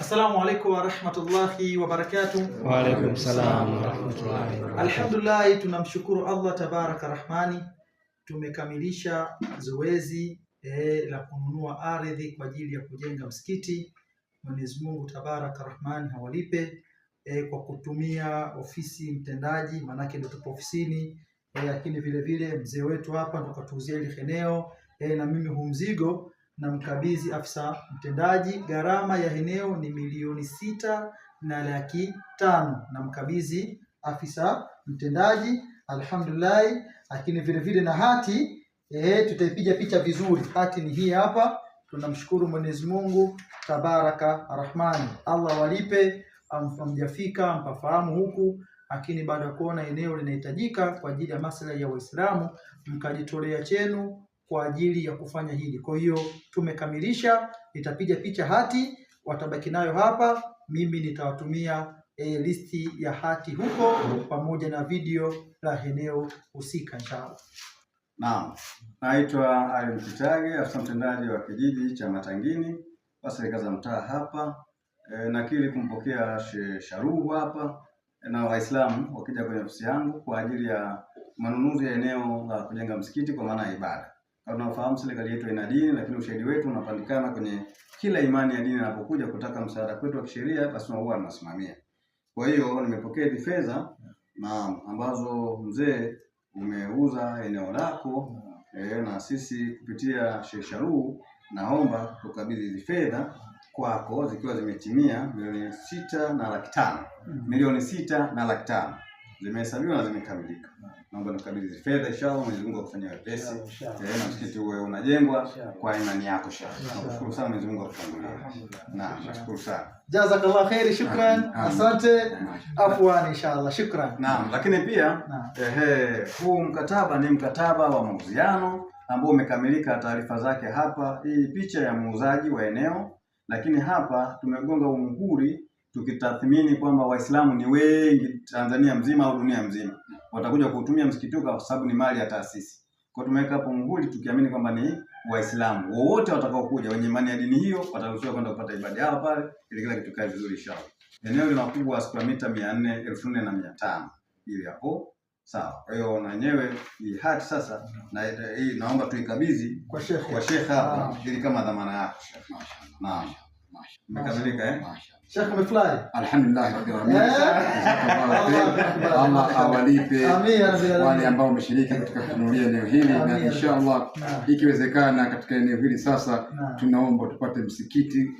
Assalamu alaikum warahmatullahi wabarakatuh. Wa alaikum salam warahmatullahi wabarakatuh. Alhamdulillah, tunamshukuru Allah tabaraka rahmani, tumekamilisha zoezi eh, la kununua ardhi kwa ajili ya kujenga msikiti. Mwenyezi Mungu tabaraka rahmani hawalipe eh, kwa kutumia ofisi mtendaji, maanake ndio tupo ofisini, eh, lakini eh, vile vile mzee wetu hapa ndo katuuzia ile eneo eh, na mimi humzigo na mkabidhi afisa mtendaji. Gharama ya eneo ni milioni sita na laki tano na mkabidhi afisa mtendaji. Alhamdulillah. Lakini vile vile na hati eh, tutaipiga picha vizuri. Hati ni hii hapa. Tunamshukuru Mwenyezi Mungu tabaraka rahmani, Allah walipe amjafika mpafahamu huku, lakini baada ya kuona eneo linahitajika kwa ajili ya maslahi ya Waislamu, mkajitolea chenu kwa ajili ya kufanya hili. Kwa hiyo tumekamilisha, nitapiga picha hati, watabaki nayo hapa. Mimi nitawatumia e, listi ya hati huko pamoja na video la eneo husika inshallah. Naam, naitwa Ali Mkitage, afisa mtendaji wa kijiji cha Matangini wa serikali za mtaa hapa e, nakili kumpokea Sharuhu hapa na Waislamu wakija kwenye ofisi yangu kwa ajili ya manunuzi ya eneo la kujenga msikiti kwa maana ya ibada. Unafahamu serikali yetu ina dini, lakini ushahidi wetu unapatikana kwenye kila imani ya dini. Inapokuja kutaka msaada kwetu wa kisheria, basi huwa anasimamia. Kwa hiyo nimepokea hizi fedha na ambazo mzee umeuza eneo lako e, na sisi kupitia Sheikh Sharuu naomba tukabidhi hizi fedha kwako zikiwa zimetimia milioni sita na laki tano mm. milioni sita na laki tano zimehesabiwa na zimekamilika. Naomba nikabidhi fedha inshallah, Mwenyezi Mungu akufanyia wepesi, tena msikiti uwe unajengwa kwa imani yako inshallah. Nakushukuru sana, Mwenyezi Mungu akufanyie. Naam, nashukuru sana, jazakallah khairi, shukran, asante, afwani inshallah, shukran. Naam, lakini pia ehe, huu mkataba ni mkataba wa mauziano ambao umekamilika, taarifa zake hapa. Hii picha ya muuzaji wa eneo, lakini hapa tumegonga umuhuri tukitathmini kwamba Waislamu ni wengi Tanzania mzima au dunia mzima, watakuja kuutumia msikiti kwa sababu ni mali ya taasisi. Kwa tumeweka hapo nguli tukiamini kwamba ni Waislamu wowote watakaokuja wenye imani ya dini hiyo wataruhusiwa kwenda kupata ibada yao pale, ili kila kitu kae vizuri inshallah. Eneo lina ukubwa wa square mita 400 nne elfu na mia tano ili hapo sawa. Kwa hiyo na wenyewe hii hati sasa, na hii naomba tuikabidhi kwa shekhe hapa, ili kama dhamana yako. Naam. Sheikh eh? umefurahi? Alhamdulillah rabbil alamin. Allah awalipe wale ambao wameshiriki katika kutunulia eneo hili na inshallah ikiwezekana katika eneo hili sasa tunaomba tupate msikiti